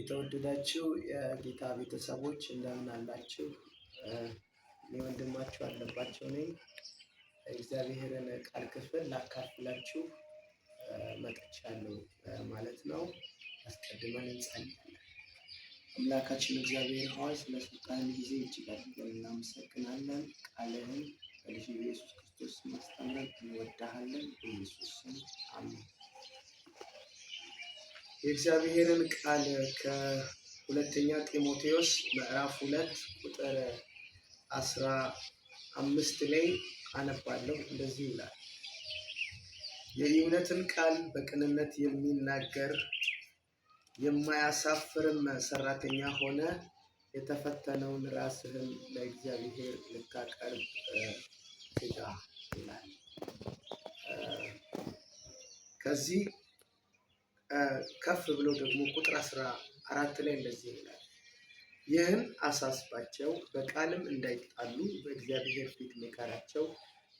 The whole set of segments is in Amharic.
የተወደዳችሁ የጌታ ቤተሰቦች እንደምን አላችሁ? እኔ ወንድማችሁ አለባቸው ነኝ። እግዚአብሔርን ቃል ክፍል ላካፍላችሁ መጥቻለሁ ማለት ነው። አስቀድመን እንጸልያለን። አምላካችን እግዚአብሔር ሆይ ስልጣን ጊዜ እጅግ አድርገን እናመሰግናለን። ቃልህን በልጅ ኢየሱስ ክርስቶስ አስተምረን እንወዳሃለን። በኢየሱስ ስም አሜን። የእግዚአብሔርን ቃል ከሁለተኛ ጢሞቴዎስ ምዕራፍ ሁለት ቁጥር አስራ አምስት ላይ አነባለሁ። እንደዚህ ይላል የእውነትን ቃል በቅንነት የሚናገር የማያሳፍርም ሰራተኛ ሆነ የተፈተነውን ራስህን ለእግዚአብሔር ልታቀርብ ትጋ ይላል። ከዚህ ከፍ ብሎ ደግሞ ቁጥር አስራ አራት ላይ እንደዚህ ይላል ይህን አሳስባቸው በቃልም እንዳይጣሉ በእግዚአብሔር ፊት ምከራቸው፣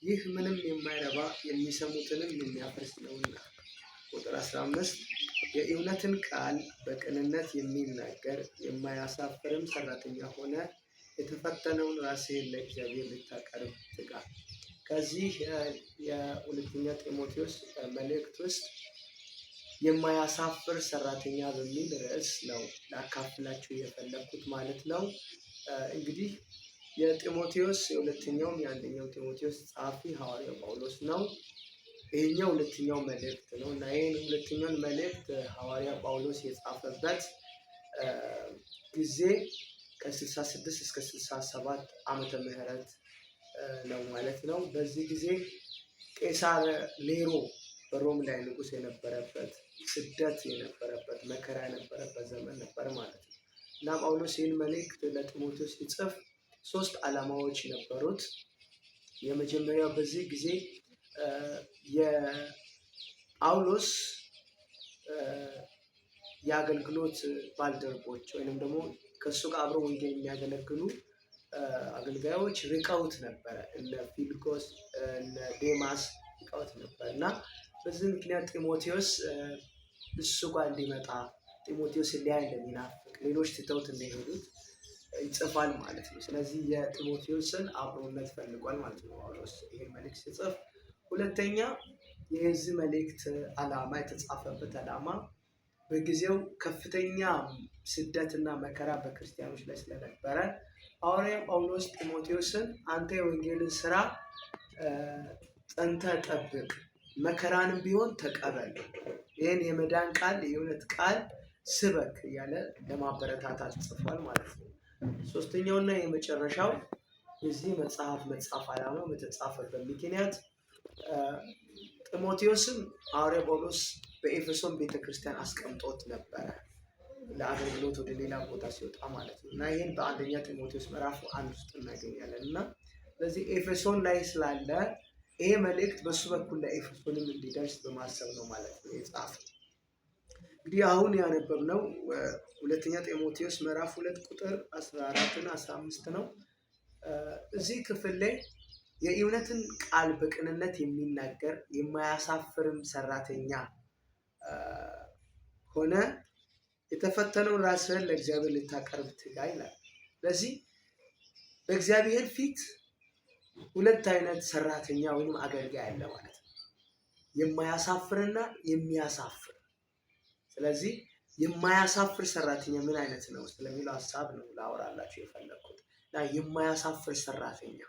ይህ ምንም የማይረባ የሚሰሙትንም የሚያፈርስ ነውና። ቁጥር አስራ አምስት የእውነትን ቃል በቅንነት የሚናገር የማያሳፍርም ሰራተኛ ሆነ የተፈተነውን ራስህን ለእግዚአብሔር ልታቀርብ ትጋ። ከዚህ የሁለተኛ ጢሞቴዎስ መልእክት ውስጥ የማያሳፍር ሰራተኛ በሚል ርዕስ ነው ላካፍላችሁ የፈለግኩት ማለት ነው። እንግዲህ የጢሞቴዎስ የሁለተኛውም የአንደኛው ጢሞቴዎስ ጸሐፊ ሐዋርያው ጳውሎስ ነው። ይሄኛው ሁለተኛው መልእክት ነው እና ይህን ሁለተኛውን መልእክት ሐዋርያ ጳውሎስ የጻፈበት ጊዜ ከ66 እስከ 67 ዓመተ ምህረት ነው ማለት ነው። በዚህ ጊዜ ቄሳር ኔሮ በሮም ላይ ንጉስ የነበረበት ስደት የነበረበት መከራ የነበረበት ዘመን ነበር ማለት ነው። እና ጳውሎስ ይህን መልእክት ለጢሞቴዎስ ሲጽፍ ሶስት ዓላማዎች ነበሩት። የመጀመሪያው በዚህ ጊዜ የጳውሎስ የአገልግሎት ባልደረቦች ወይንም ደግሞ ከእሱ ጋር አብረው ወንጌል የሚያገለግሉ አገልጋዮች ርቀውት ነበረ። እነ ፊልጎስ እነ ዴማስ ርቀውት ነበር እና በዚህ ምክንያት ጢሞቴዎስ እሱ ጋር እንዲመጣ ጢሞቴዎስ ሊያ እንደሚናፍቅ ሌሎች ትተውት እንደሄዱት ይጽፋል ማለት ነው። ስለዚህ የጢሞቴዎስን አብሮነት ፈልጓል ማለት ነው ጳውሎስ ይህን መልእክት ሲጽፍ። ሁለተኛ የዚህ መልእክት ዓላማ የተጻፈበት ዓላማ በጊዜው ከፍተኛ ስደትና መከራ በክርስቲያኖች ላይ ስለነበረ ሐዋርያ ጳውሎስ ጢሞቴዎስን አንተ የወንጌልን ስራ ጸንተ ጠብቅ መከራንም ቢሆን ተቀበል፣ ይህን የመዳን ቃል የእውነት ቃል ስበክ እያለ ለማበረታታት ጽፏል ማለት ነው። ሶስተኛውና የመጨረሻው የዚህ መጽሐፍ መጽሐፍ ዓላማ በተጻፈበት ምክንያት ጢሞቴዎስም ሐዋርያ ጳውሎስ በኤፌሶን ቤተ ክርስቲያን አስቀምጦት ነበረ ለአገልግሎት ወደ ሌላ ቦታ ሲወጣ ማለት ነው እና ይህን በአንደኛ ጢሞቴዎስ ምዕራፍ አንድ ውስጥ እናገኛለን እና በዚህ ኤፌሶን ላይ ስላለ ይሄ መልእክት በሱ በኩል ላይ እንዲደርስ በማሰብ ነው ማለት ነው የጻፈው። እንግዲህ አሁን ያነበብነው ሁለተኛ ጢሞቴዎስ ምዕራፍ ሁለት ቁጥር አስራ አራትና አስራ አምስት ነው። እዚህ ክፍል ላይ የእውነትን ቃል በቅንነት የሚናገር የማያሳፍርም ሰራተኛ ሆነ የተፈተነውን ራስህን ለእግዚአብሔር ልታቀርብ ትጋ ይላል። ስለዚህ በእግዚአብሔር ፊት ሁለት አይነት ሰራተኛ ወይም አገልጋይ አለ ማለት ነው። የማያሳፍርና የሚያሳፍር። ስለዚህ የማያሳፍር ሰራተኛ ምን አይነት ነው ስለሚለው ሀሳብ ነው ላወራላችሁ የፈለግኩት የማያሳፍር ሰራተኛ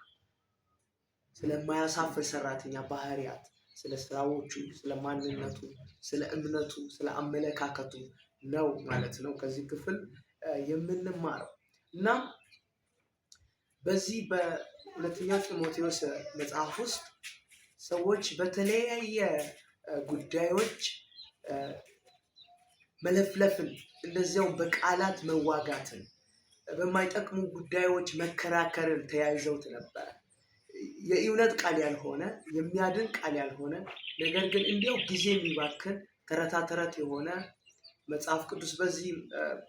ስለማያሳፍር ሰራተኛ ባህሪያት፣ ስለ ስራዎቹ፣ ስለ ማንነቱ፣ ስለ እምነቱ፣ ስለ አመለካከቱ ነው ማለት ነው ከዚህ ክፍል የምንማረው እና በዚህ ሁለተኛ ጢሞቴዎስ መጽሐፍ ውስጥ ሰዎች በተለያየ ጉዳዮች መለፍለፍን እንደዚያውም በቃላት መዋጋትን በማይጠቅሙ ጉዳዮች መከራከርን ተያይዘውት ነበረ። የእውነት ቃል ያልሆነ የሚያድን ቃል ያልሆነ ነገር ግን እንዲያው ጊዜ የሚባክን ተረታተረት የሆነ መጽሐፍ ቅዱስ በዚህ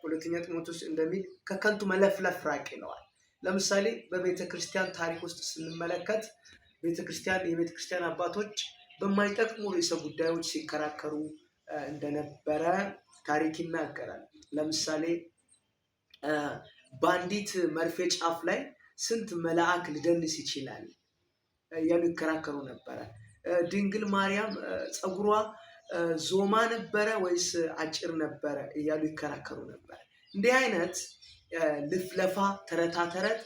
ሁለተኛ ጢሞቴዎስ እንደሚል ከከንቱ መለፍለፍ ራቅ ይለዋል። ለምሳሌ በቤተ ክርስቲያን ታሪክ ውስጥ ስንመለከት ቤተ ክርስቲያን የቤተ ክርስቲያን አባቶች በማይጠቅሙ ርዕሰ ጉዳዮች ሲከራከሩ እንደነበረ ታሪክ ይናገራል። ለምሳሌ በአንዲት መርፌ ጫፍ ላይ ስንት መልአክ ሊደንስ ይችላል ይከራከሩ ነበረ። ድንግል ማርያም ፀጉሯ ዞማ ነበረ ወይስ አጭር ነበረ እያሉ ይከራከሩ ነበረ። እንዲህ አይነት ልፍለፋ፣ ተረታ ተረት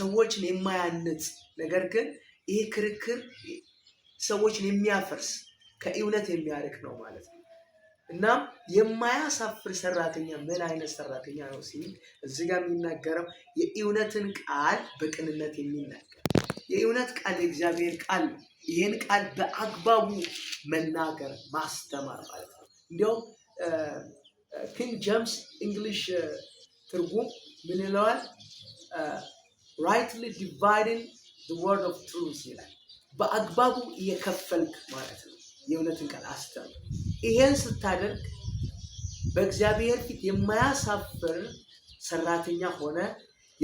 ሰዎችን የማያንጽ ነገር ግን ይሄ ክርክር ሰዎችን የሚያፈርስ ከእውነት የሚያርቅ ነው ማለት ነው። እናም የማያሳፍር ሰራተኛ ምን አይነት ሰራተኛ ነው ሲል እዚህ ጋር የሚናገረው የእውነትን ቃል በቅንነት የሚናገር የእውነት ቃል የእግዚአብሔር ቃል ነው። ይህን ቃል በአግባቡ መናገር ማስተማር ማለት ነው። እንዲያውም ኪንግ ጀምስ እንግሊሽ ትርጉም ምን ይለዋል? ራይትሊ ዲቫይድን ወርድ ኦፍ ትሩዝ ይላል። በአግባቡ እየከፈልክ ማለት ነው። የእውነትን ቃል አስተም ይሄን ስታደርግ በእግዚአብሔር ፊት የማያሳፍር ሰራተኛ ሆነ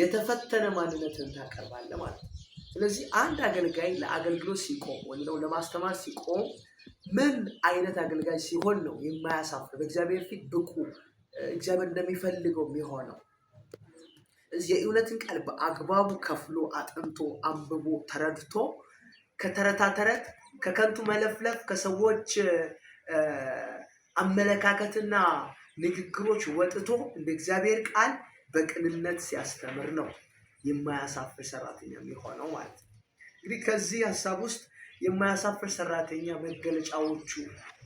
የተፈተነ ማንነትን ታቀርባለህ ማለት ነው። ስለዚህ አንድ አገልጋይ ለአገልግሎት ሲቆም ወይም ደግሞ ለማስተማር ሲቆም ምን አይነት አገልጋይ ሲሆን ነው የማያሳፍር በእግዚአብሔር ፊት ብቁ እግዚአብሔር እንደሚፈልገው የሚሆነው። የእውነትን ቃል በአግባቡ ከፍሎ አጥንቶ አንብቦ ተረድቶ ከተረታ ተረት ከከንቱ መለፍለፍ ከሰዎች አመለካከትና ንግግሮች ወጥቶ እንደ እግዚአብሔር ቃል በቅንነት ሲያስተምር ነው የማያሳፍር ሰራተኛ የሚሆነው ማለት ነው። እንግዲህ ከዚህ ሀሳብ ውስጥ የማያሳፍር ሰራተኛ መገለጫዎቹ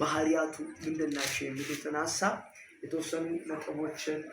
ባህሪያቱ ምንድናቸው የሚሉትን ሀሳብ የተወሰኑ ነጥቦችን